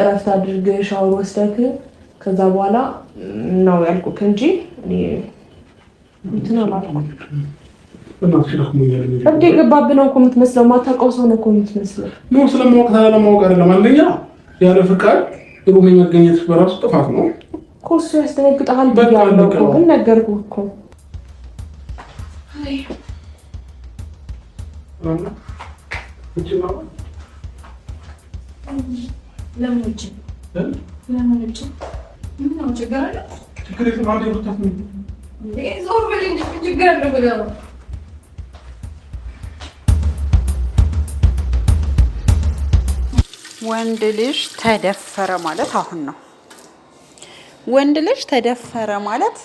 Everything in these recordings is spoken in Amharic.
እረፍት አድርገህ ሻወር ወስደህ ከዛ በኋላ ነው ያልኩህ እንጂ እንትን አላልኩም። ነው እኮ የምትመስለው። ማታውቀው ሰው ነው እኮ የምትመስለው። ነው ስለማወቅ ለማወቅ አይደለም። አንደኛ ያለ ፍቃድ ጥሩ መገኘት በራሱ ጥፋት ነው እኮ እሱ ያስደነግጠሃል። ግን ነገርኩህ እኮ አይ ወንድ ልጅ ተደፈረ ማለት አሁን ነው። ወንድ ልጅ ተደፈረ ማለት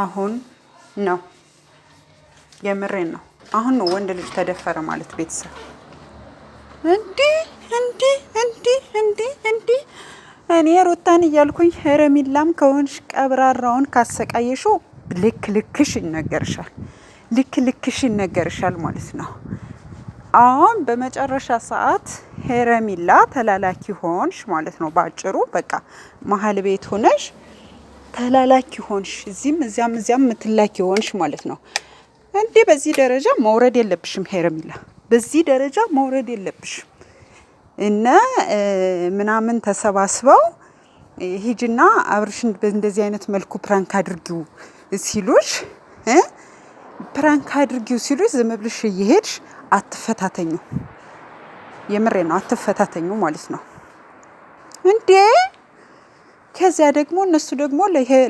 አሁን ነው። የምሬን ነው። አሁን ነው ወንድ ልጅ ተደፈረ ማለት ቤተሰብ እንዲህ እንዲህ እንዲህ እንዲህ እኔ ሩታን እያልኩኝ ሄረሚላም ከሆንሽ ቀብራራውን ካሰቃየሹ ልክ ልክሽ ይነገርሻል፣ ልክ ልክሽ ይነገርሻል ማለት ነው። አሁን በመጨረሻ ሰዓት ሄረሚላ ተላላኪ ሆንሽ ማለት ነው። በአጭሩ በቃ መሀል ቤት ሆነሽ ተላላኪ ሆንሽ፣ እዚህም እዚያም እዚያም ምትላኪ ሆንሽ ማለት ነው። እንዲህ በዚህ ደረጃ መውረድ የለብሽም ሄረሚላ። በዚህ ደረጃ መውረድ የለብሽም እና ምናምን ተሰባስበው ሂጅና አብርሽን በእንደዚህ አይነት መልኩ ፕራንክ አድርጊው ሲሉሽ ፕራንክ አድርጊው ሲሉሽ ዝም ብልሽ እየሄድሽ አትፈታተኙ። የምሬ ነው፣ አትፈታተኙ ማለት ነው እንዴ። ከዚያ ደግሞ እነሱ ደግሞ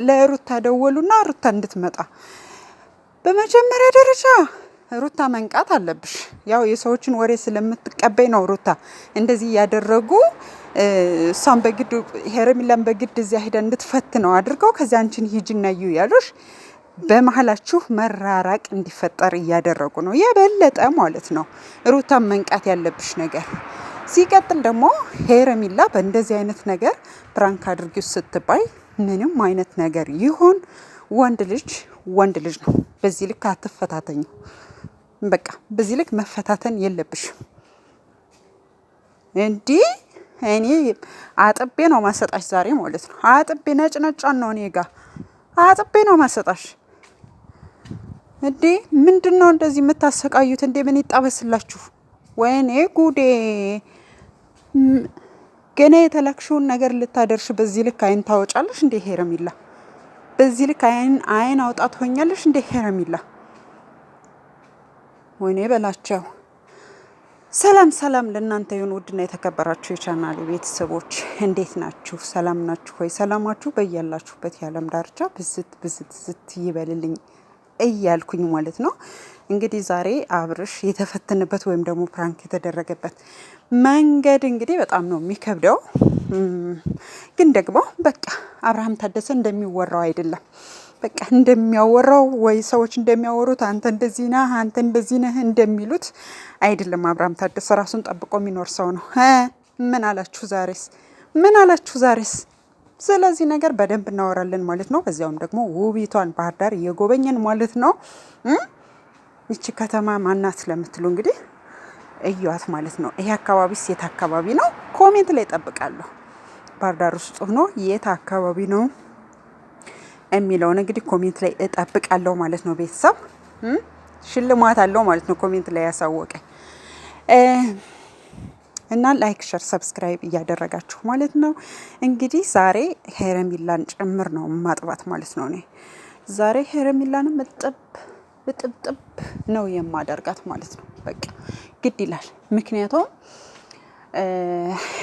ለሩታ ደወሉና ሩታ እንድትመጣ በመጀመሪያ ደረጃ ሩታ መንቃት አለብሽ። ያው የሰዎችን ወሬ ስለምትቀበይ ነው ሩታ እንደዚህ እያደረጉ እሷን በግድ ሄረሚላን በግድ እዚያ ሄደ እንድትፈት ነው አድርገው ከዚያ አንቺን ሂጂና ዩ ያሉሽ በመሀላችሁ መራራቅ እንዲፈጠር እያደረጉ ነው የበለጠ ማለት ነው። ሩታን መንቃት ያለብሽ ነገር ሲቀጥል ደግሞ ሄረሚላ በእንደዚህ አይነት ነገር ፕራንክ አድርጊው ስትባይ ምንም አይነት ነገር ይሁን ወንድ ልጅ ወንድ ልጅ ነው። በዚህ ልክ አትፈታተኝ። በቃ በዚህ ልክ መፈታተን የለብሽም። እንዲህ እኔ አጥቤ ነው ማሰጣሽ ዛሬ ማለት ነው። አጥቤ ነጭ ነጫን ነው እኔ ጋ አጥቤ ነው ማሰጣሽ። እንዴ ምንድን ነው እንደዚህ የምታሰቃዩት? እንዴ ምን ይጣበስላችሁ? ወይኔ ጉዴ! ገና የተላክሽውን ነገር ልታደርሽ በዚህ ልክ አይን ታወጫለሽ እንዴ ሄረሚላ በዚህ ልክ አይን አይን አውጣ ትሆኛለሽ እንደ ሄረሚላ ወይኔ በላቸው። ሰላም ሰላም ለእናንተ ይሁን ውድና የተከበራችሁ የቻናል ቤተሰቦች እንዴት ናችሁ? ሰላም ናችሁ ወይ? ሰላማችሁ በያላችሁበት የዓለም ዳርቻ ብዝት ብዝት ዝት ይበልልኝ እያልኩኝ ማለት ነው። እንግዲህ ዛሬ አብርሽ የተፈተነበት ወይም ደግሞ ፕራንክ የተደረገበት መንገድ እንግዲህ በጣም ነው የሚከብደው። ግን ደግሞ በቃ አብርሃም ታደሰ እንደሚወራው አይደለም። በቃ እንደሚያወራው ወይ ሰዎች እንደሚያወሩት አንተ እንደዚህ ነህ፣ አንተ እንደዚህ ነህ እንደሚሉት አይደለም። አብርሃም ታደሰ ራሱን ጠብቆ የሚኖር ሰው ነው። ምን አላችሁ ዛሬስ? ምን አላችሁ ዛሬስ? ስለዚህ ነገር በደንብ እናወራለን ማለት ነው። በዚያውም ደግሞ ውቢቷን ባህር ዳር እየጎበኘን ማለት ነው። ይቺ ከተማ ማናት ለምትሉ እንግዲህ እዩዋት ማለት ነው። ይሄ አካባቢስ የት አካባቢ ነው? ኮሜንት ላይ ጠብቃለሁ። ባህር ዳር ውስጥ ሆኖ የት አካባቢ ነው የሚለውን እንግዲህ ኮሜንት ላይ እጠብቃለሁ ማለት ነው። ቤተሰብ ሽልማት አለው ማለት ነው። ኮሜንት ላይ ያሳወቀኝ እና ላይክ ሸር ሰብስክራይብ እያደረጋችሁ ማለት ነው። እንግዲህ ዛሬ ሄረሚላን ጭምር ነው ማጥባት ማለት ነው። እኔ ዛሬ ሄረሚላንም ምጥብ እጥብጥብ ነው የማደርጋት ማለት ነው። በቃ ግድ ይላል። ምክንያቱም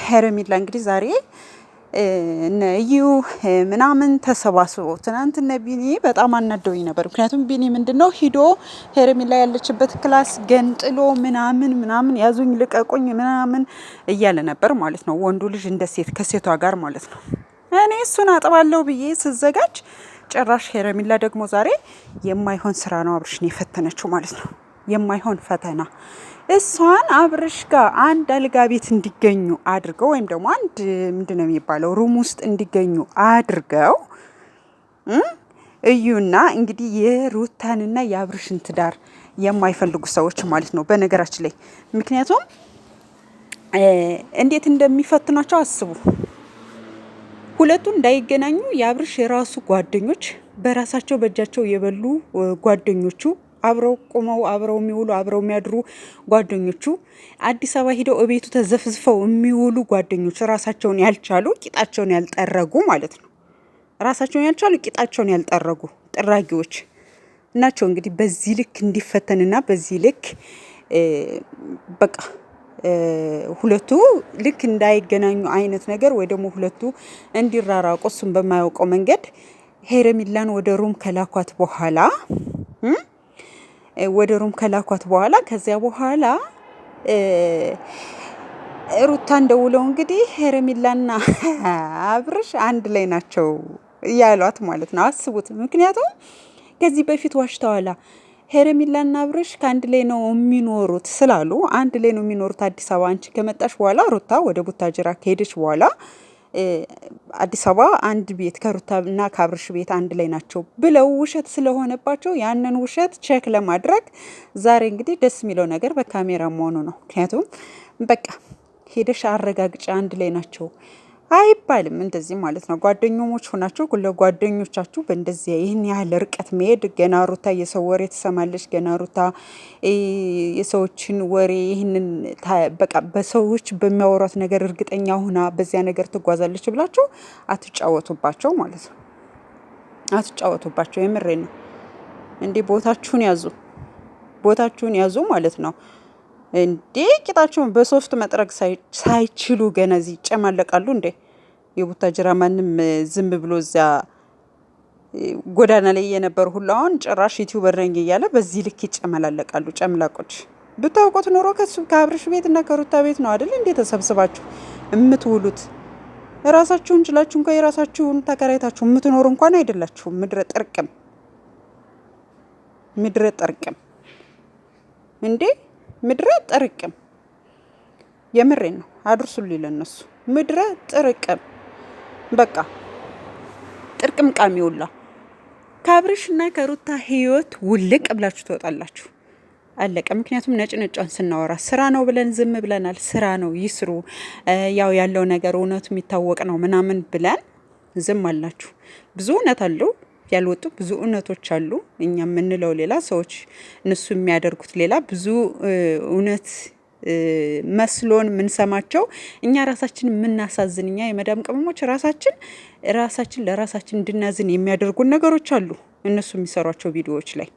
ሄረሚላ እንግዲህ ዛሬ እነ እዩ ምናምን ተሰባስቦ ትናንት እነ ቢኒ በጣም አናደውኝ ነበር። ምክንያቱም ቢኒ ምንድን ነው ሂዶ ሄረሚላ ያለችበት ክላስ ገንጥሎ ምናምን ምናምን ያዙኝ ልቀቁኝ ምናምን እያለ ነበር ማለት ነው። ወንዱ ልጅ እንደ ሴት ከሴቷ ጋር ማለት ነው። እኔ እሱን አጥባለሁ ብዬ ስዘጋጅ ጭራሽ ሄረሚላ ደግሞ ዛሬ የማይሆን ስራ ነው አብርሽን የፈተነችው ማለት ነው። የማይሆን ፈተና እሷን አብርሽ ጋር አንድ አልጋ ቤት እንዲገኙ አድርገው ወይም ደግሞ አንድ ምንድን ነው የሚባለው ሩም ውስጥ እንዲገኙ አድርገው እዩና እንግዲህ የሩታንና የአብርሽን ትዳር የማይፈልጉ ሰዎች ማለት ነው በነገራችን ላይ ምክንያቱም እንዴት እንደሚፈትኗቸው አስቡ። ሁለቱ እንዳይገናኙ የአብርሽ የራሱ ጓደኞች በራሳቸው በእጃቸው የበሉ ጓደኞቹ አብረው ቆመው አብረው የሚውሉ አብረው የሚያድሩ ጓደኞቹ አዲስ አበባ ሂደው እቤቱ ተዘፍዝፈው የሚውሉ ጓደኞች ራሳቸውን ያልቻሉ ቂጣቸውን ያልጠረጉ ማለት ነው። ራሳቸውን ያልቻሉ ቂጣቸውን ያልጠረጉ ጥራጊዎች ናቸው። እንግዲህ በዚህ ልክ እንዲፈተንና በዚህ ልክ በቃ ሁለቱ ልክ እንዳይገናኙ አይነት ነገር ወይ ደግሞ ሁለቱ እንዲራራቁ እሱን በማያውቀው መንገድ ሄረሚላን ወደ ሩም ከላኳት በኋላ ወደ ሩም ከላኳት በኋላ ከዚያ በኋላ ሩታ እንደውለው እንግዲህ ሄረሚላና አብርሽ አንድ ላይ ናቸው ያሏት ማለት ነው። አስቡት። ምክንያቱም ከዚህ በፊት ዋሽተዋላ። ሄረሚላና አብርሽ ከአንድ ላይ ነው የሚኖሩት ስላሉ አንድ ላይ ነው የሚኖሩት አዲስ አበባ አንቺ ከመጣሽ በኋላ ሩታ ወደ ቡታጅራ ከሄደች በኋላ አዲስ አበባ አንድ ቤት ከሩታና ከአብርሽ ቤት አንድ ላይ ናቸው ብለው ውሸት ስለሆነባቸው ያንን ውሸት ቼክ ለማድረግ ዛሬ እንግዲህ ደስ የሚለው ነገር በካሜራ መሆኑ ነው። ምክንያቱም በቃ ሄደሽ አረጋግጫ አንድ ላይ ናቸው አይባልም እንደዚህ ማለት ነው። ጓደኞሞች ሆናችሁ ጓደኞቻችሁ በእንደዚህ ይህን ያህል ርቀት መሄድ ገና ሩታ የሰው ወሬ ትሰማለች፣ ገና ሩታ የሰዎችን ወሬ ይህንን በቃ በሰዎች በሚያወሯት ነገር እርግጠኛ ሆና በዚያ ነገር ትጓዛለች ብላችሁ አትጫወቱባቸው ማለት ነው። አትጫወቱባቸው። የምሬ ነው እንዲህ ቦታችሁን ያዙ፣ ቦታችሁን ያዙ ማለት ነው። እንዴ ቂጣቸውን በሶፍት መጥረግ ሳይችሉ ገና እዚህ ይጨማለቃሉ እንዴ! የቡታጅራ ማንም ዝም ብሎ እዚያ ጎዳና ላይ የነበሩ ሁሉ አሁን ጭራሽ ዩቲዩበር ነኝ እያለ በዚህ ልክ ይጨመላለቃሉ። ጨምላቆች ብታውቁት ኖሮ ከሱ ከአብርሽ ቤት እና ከሩታ ቤት ነው አይደል እንዴ ተሰብስባችሁ የምትውሉት? ራሳችሁን ችላችሁ እንኳ የራሳችሁን ተከራይታችሁ የምትኖሩ እንኳን አይደላችሁም። ምድረ ጠርቅም ምድረ ጠርቅም እንዴ ምድረ ጥርቅም። የምሬ ነው። አድርሱልኝ ለእነሱ ምድረ ጥርቅም። በቃ ጥርቅም ቃሚውላ ከአብርሽ እና ከሩታ ህይወት ውልቅ ብላችሁ ትወጣላችሁ። አለቀ። ምክንያቱም ነጭ ነጯን ስናወራ ስራ ነው ብለን ዝም ብለናል። ስራ ነው ይስሩ፣ ያው ያለው ነገር እውነቱ የሚታወቅ ነው ምናምን ብለን ዝም አላችሁ። ብዙ እውነት አለው ያልወጡ ብዙ እውነቶች አሉ። እኛ የምንለው ሌላ፣ ሰዎች እነሱ የሚያደርጉት ሌላ። ብዙ እውነት መስሎን የምንሰማቸው እኛ ራሳችን የምናሳዝን እኛ የመዳም ቅመሞች ራሳችን ራሳችን ለራሳችን እንድናዝን የሚያደርጉን ነገሮች አሉ። እነሱ የሚሰሯቸው ቪዲዮዎች ላይ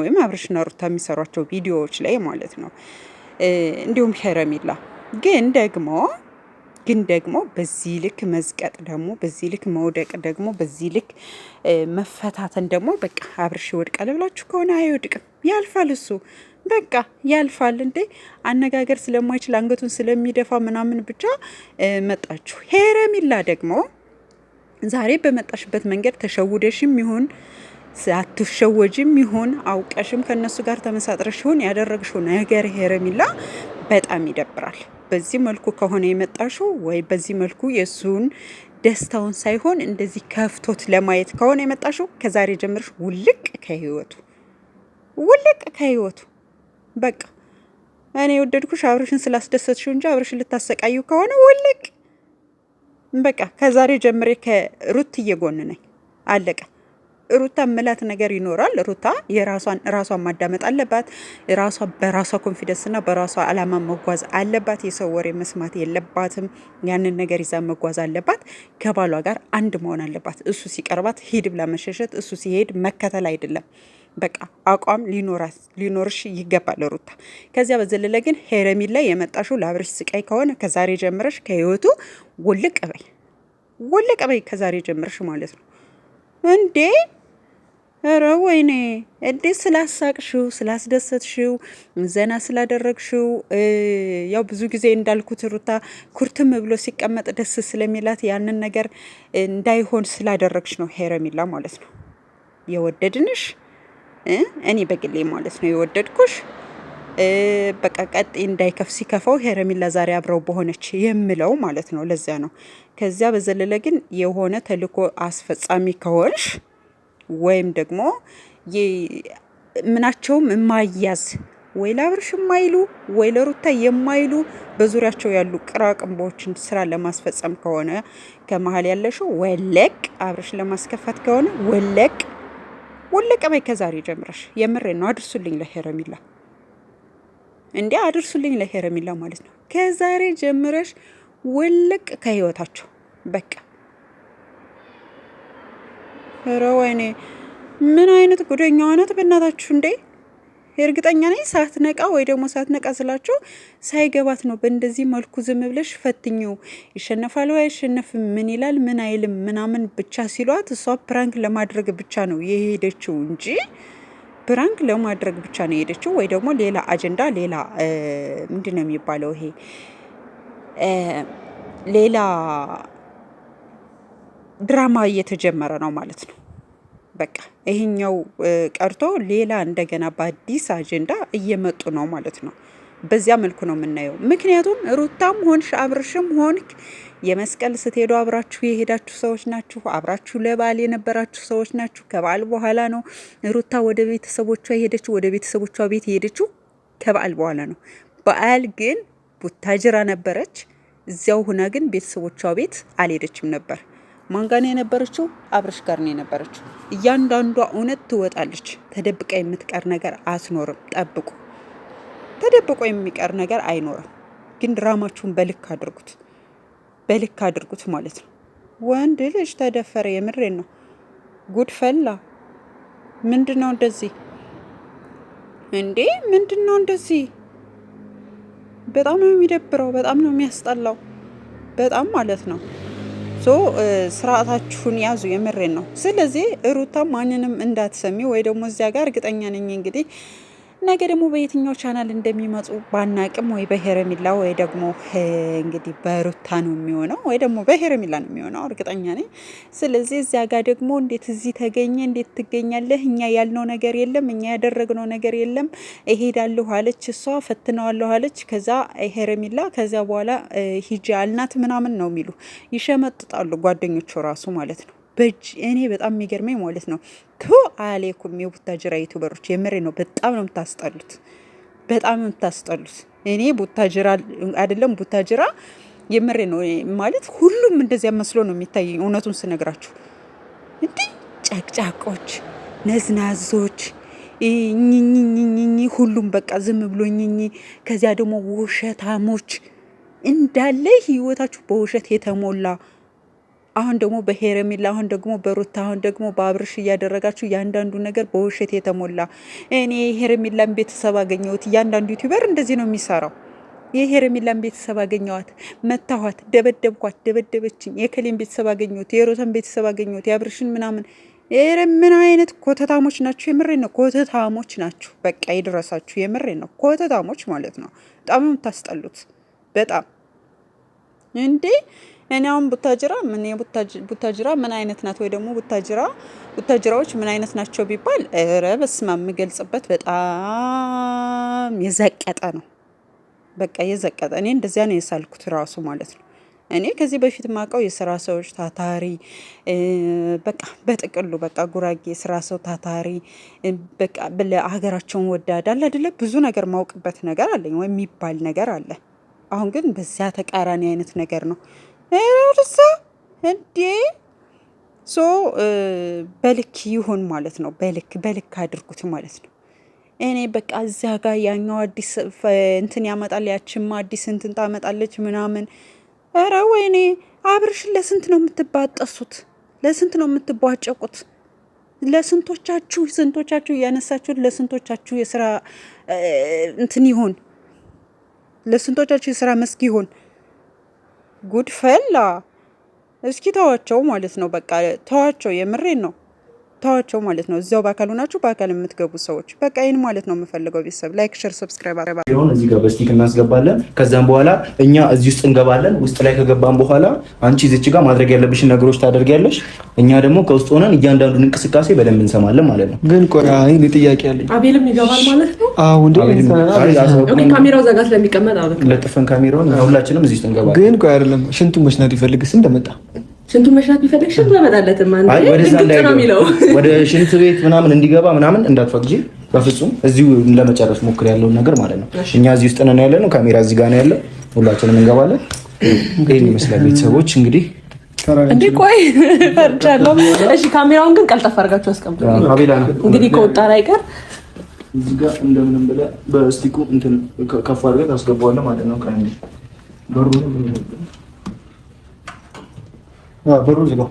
ወይም አብርሽና ሩታ የሚሰሯቸው ቪዲዮዎች ላይ ማለት ነው። እንዲሁም ሄረሚላ ግን ደግሞ ግን ደግሞ በዚህ ልክ መዝቀጥ ደግሞ በዚህ ልክ መውደቅ ደግሞ በዚህ ልክ መፈታተን ደግሞ በቃ አብርሽ ይወድቃል ብላችሁ ከሆነ አይወድቅም። ያልፋል እሱ በቃ ያልፋል። እንዴ አነጋገር ስለማይችል አንገቱን ስለሚደፋ ምናምን ብቻ መጣችሁ። ሄረሚላ ደግሞ ዛሬ በመጣሽበት መንገድ ተሸውደሽም ይሁን አትሸወጅም ይሁን አውቀሽም ከእነሱ ጋር ተመሳጥረሽ ይሁን ያደረግሽው ነገር ሄረሚላ በጣም ይደብራል። በዚህ መልኩ ከሆነ የመጣሽው ወይ በዚህ መልኩ የእሱን ደስታውን ሳይሆን እንደዚህ ከፍቶት ለማየት ከሆነ የመጣሽው ከዛሬ ጀምርሽ ውልቅ ከህይወቱ ውልቅ ከህይወቱ በቃ እኔ የወደድኩሽ አብረሽን ስላስደሰትሽው እንጂ አብረሽን ልታሰቃዩ ከሆነ ውልቅ በቃ ከዛሬ ጀምሬ ከሩት እየጎን ነኝ አለቀ ሩታ ምላት ነገር ይኖራል። ሩታ የራሷን ራሷን ማዳመጥ አለባት። ራሷ በራሷ ኮንፊደንስ እና በራሷ አላማ መጓዝ አለባት። የሰው ወሬ መስማት የለባትም። ያንን ነገር ይዛ መጓዝ አለባት። ከባሏ ጋር አንድ መሆን አለባት። እሱ ሲቀርባት ሂድ ብላ መሸሸት፣ እሱ ሲሄድ መከተል አይደለም። በቃ አቋም ሊኖራት ሊኖርሽ ይገባል ሩታ። ከዚያ በዘለለ ግን ላይ የመጣሽው ለአብርሽ ስቃይ ከሆነ ከዛሬ ጀምረሽ ከህይወቱ ውልቅ በይ፣ ውልቅ በይ ከዛሬ ጀምረሽ ማለት ነው። እንዴ ኧረ ወይኔ እንዴት ስላሳቅሽው ስላስደሰትሽው ዘና ስላደረግሽው፣ ያው ብዙ ጊዜ እንዳልኩት ሩታ ኩርትም ብሎ ሲቀመጥ ደስ ስለሚላት ያንን ነገር እንዳይሆን ስላደረግሽ ነው ሄረሚላ ማለት ነው የወደድንሽ፣ እኔ በግሌ ማለት ነው የወደድኩሽ። በቃ ቀጤ እንዳይከፍ ሲከፋው ሄረሚላ ዛሬ አብረው በሆነች የምለው ማለት ነው። ለዚያ ነው። ከዚያ በዘለለ ግን የሆነ ተልእኮ አስፈጻሚ ከሆንሽ ወይም ደግሞ ምናቸውም የማያዝ ወይ ለአብርሽ የማይሉ ወይ ለሩታ የማይሉ በዙሪያቸው ያሉ ቅራቅንቦችን ስራ ለማስፈጸም ከሆነ ከመሀል ያለሽው ወለቅ፣ አብርሽ ለማስከፋት ከሆነ ወለቅ ወለቀ በይ። ከዛሬ ጀምረሽ የምሬ ነው። አድርሱልኝ ለሄረሚላ እንዲ አድርሱልኝ ለሄረሚላ ማለት ነው። ከዛሬ ጀምረሽ ውልቅ ከህይወታቸው በቃ ኧረ ወይኔ ምን አይነት ጉደኛ ናት በእናታችሁ እንዴ! እርግጠኛ ነኝ ሳትነቃ ወይ ደግሞ ሳትነቃ ስላቸው ሳይገባት ነው በእንደዚህ መልኩ ዝም ብለሽ ፈትኙ ይሸነፋል ወይ አይሸነፍም፣ ምን ይላል ምን አይልም ምናምን ብቻ ሲሏት እሷ ፕራንክ ለማድረግ ብቻ ነው የሄደችው እንጂ ፕራንክ ለማድረግ ብቻ ነው የሄደችው ወይ ደግሞ ሌላ አጀንዳ ሌላ ምንድን ነው የሚባለው ይሄ ሌላ ድራማ እየተጀመረ ነው ማለት ነው። በቃ ይሄኛው ቀርቶ ሌላ እንደገና በአዲስ አጀንዳ እየመጡ ነው ማለት ነው። በዚያ መልኩ ነው የምናየው። ምክንያቱም ሩታም ሆንሽ አብርሽም ሆንክ የመስቀል ስትሄዱ አብራችሁ የሄዳችሁ ሰዎች ናችሁ። አብራችሁ ለበዓል የነበራችሁ ሰዎች ናችሁ። ከበዓል በኋላ ነው ሩታ ወደ ቤተሰቦቿ የሄደችው። ወደ ቤተሰቦቿ ቤት የሄደችው ከበዓል በኋላ ነው። በዓል ግን ቡታጅራ ነበረች። እዚያው ሁና ግን ቤተሰቦቿ ቤት አልሄደችም ነበር። ማንጋን የነበረችው? አብረሽ ጋር ነው የነበረችው። እያንዳንዷ እውነት ትወጣለች። ተደብቃ የምትቀር ነገር አትኖርም። ጠብቁ። ተደብቆ የሚቀር ነገር አይኖርም። ግን ድራማችሁን በልክ አድርጉት። በልክ አድርጉት ማለት ነው። ወንድ ልጅ ተደፈረ። የምሬን ነው። ጉድ ፈላ። ምንድን ነው እንደዚህ እንዴ? ምንድን ነው እንደዚህ? በጣም ነው የሚደብረው። በጣም ነው የሚያስጠላው። በጣም ማለት ነው። ሶ ስርዓታችሁን ያዙ። የምሬን ነው። ስለዚህ ሩታ ማንንም እንዳትሰሚ ወይ ደግሞ እዚያ ጋር እርግጠኛ ነኝ እንግዲህ ነገ ደግሞ በየትኛው ቻናል እንደሚመጡ ባናቅም ወይ በሄረሚላ ወይ ደግሞ እንግዲህ በሩታ ነው የሚሆነው ወይ ደግሞ በሄረሚላ ነው የሚሆነው እርግጠኛ ነኝ። ስለዚህ እዚያ ጋር ደግሞ እንዴት እዚህ ተገኘ፣ እንዴት ትገኛለህ፣ እኛ ያልነው ነገር የለም፣ እኛ ያደረግነው ነገር የለም፣ እሄዳለሁ አለች እሷ፣ ፈትነዋለሁ አለች ከዛ ሄረሚላ፣ ከዚያ በኋላ ሂጂ አልናት ምናምን ነው የሚሉ ይሸመጥጣሉ ጓደኞቹ ራሱ ማለት ነው። በእጅ እኔ በጣም የሚገርመኝ ማለት ነው። ቱ አሌኩም የቡታጅራ ዩቱበሮች የምሬ ነው። በጣም ነው የምታስጠሉት፣ በጣም ነው የምታስጠሉት። እኔ ቡታጅራ አይደለም ቡታጅራ የምሬ ነው ማለት ሁሉም እንደዚያ መስሎ ነው የሚታየኝ። እውነቱን ስነግራችሁ እንዲህ ጨቅጫቆች፣ ነዝናዞች ኝኝኝኝኝ ሁሉም በቃ ዝም ብሎ ኝኝ። ከዚያ ደግሞ ውሸታሞች እንዳለ ህይወታችሁ በውሸት የተሞላ አሁን ደግሞ በሄረሚላ አሁን ደግሞ በሩታ አሁን ደግሞ በአብርሽ እያደረጋችሁ እያንዳንዱ ነገር በውሸት የተሞላ እኔ የሄረሚላን ቤተሰብ አገኘሁት። እያንዳንዱ ዩቲዩበር እንደዚህ ነው የሚሰራው። የሄረሚላን ቤተሰብ አገኘዋት፣ መታኋት፣ ደበደብኳት፣ ደበደበችኝ። የከሌን ቤተሰብ አገኘሁት፣ የሮተን ቤተሰብ አገኘሁት፣ የአብርሽን ምናምን ይሄ ምን አይነት ኮተታሞች ናችሁ? የምሬ ነው፣ ኮተታሞች ናችሁ። በቃ ይድረሳችሁ። የምሬ ነው፣ ኮተታሞች ማለት ነው። በጣም የምታስጠሉት። በጣም እንዴ እኔ አሁን ቡታጅራ ምን ቡታጅራ ምን አይነት ናት ወይ ደግሞ ቡታጅራ ቡታጅራዎች ምን አይነት ናቸው ቢባል ኧረ በስመ አብ የምገልጽበት በጣም የዘቀጠ ነው። በቃ የዘቀጠ እኔ እንደዚያ ነው የሳልኩት ራሱ ማለት ነው። እኔ ከዚህ በፊት ማውቀው የስራ ሰዎች ታታሪ፣ በቃ በጥቅሉ በቃ ጉራጌ የስራ ሰው ታታሪ፣ በቃ ሀገራቸውን ወዳድ አለ አይደለ? ብዙ ነገር ማውቅበት ነገር አለኝ ወይም የሚባል ነገር አለ። አሁን ግን በዚያ ተቃራኒ አይነት ነገር ነው እርሳ እንዴ ሶ በልክ ይሁን ማለት ነው። በልክ በልክ አድርጉት ማለት ነው። እኔ በቃ እዚያ ጋር ያኛው አዲስ እንትን ያመጣል፣ ያችም አዲስ እንትን ታመጣለች ምናምን። ኧረ ወይኔ አብርሽን ለስንት ነው የምትባጠሱት? ለስንት ነው የምትቧጨቁት? ለስንቶቻችሁ ስንቶቻችሁ እያነሳችሁት ለስንቶቻችሁ የስራ እንትን ይሆን? ለስንቶቻችሁ የስራ መስክ ይሆን? ጉድፈላ እስኪ ተዋቸው ማለት ነው። በቃ ተዋቸው፣ የምሬን ነው። ተዋቸው ማለት ነው። እዚያው በአካል ሆናችሁ በአካል የምትገቡ ሰዎች በቃ ይህን ማለት ነው የምፈልገው። ቤተሰብ ላይክ፣ ሸር፣ ሰብስክራይብ አረባሆን እዚህ ጋር በስቲክ እናስገባለን። ከዛም በኋላ እኛ እዚህ ውስጥ እንገባለን። ውስጥ ላይ ከገባን በኋላ አንቺ ዝች ጋር ማድረግ ያለብሽን ነገሮች ታደርጊያለሽ። እኛ ደግሞ ከውስጥ ሆነን እያንዳንዱን እንቅስቃሴ በደንብ እንሰማለን ማለት ነው። ግን ቆይ እኔ ጥያቄ አለኝ። አቤልም ይገባል ማለት ነው? አዎ ካሜራው ዘጋ ስለሚቀመጥ ለጥፈን ካሜራውን ሁላችንም እዚህ ውስጥ እንገባለን። ግን ቆይ አይደለም ሽንቱ መሽናት ይፈልግስ እንደመጣ ሽንቱ መሽናት ቢፈልግ ሽንቱ ያመጣለትም። ወደ ሽንት ቤት ምናምን እንዲገባ ምናምን እንዳትፈቅጂ በፍጹም። እዚሁ ለመጨረስ ሞክር ያለውን ነገር ማለት ነው። እኛ እዚህ ውስጥ ነን ያለ ነው። ካሜራ እዚህ ጋር ነው ያለ። ሁላችንም እንገባለን። ይህን ይመስላል ቤተሰቦች እንግዲህ እንዲህ ቆይ ፈርቻለሁ። እሺ፣ ካሜራውን ግን ቀልጠፍ አድርጋችሁ አስቀምጡ። እንግዲህ ከወጣ ላይ ቀር እዚህ ጋር እንደምንም ብለህ በስቲኩ እንትን ከፍ አድርገህ ታስገባዋለህ ማለት ነው። 야, 어, 너는 이거.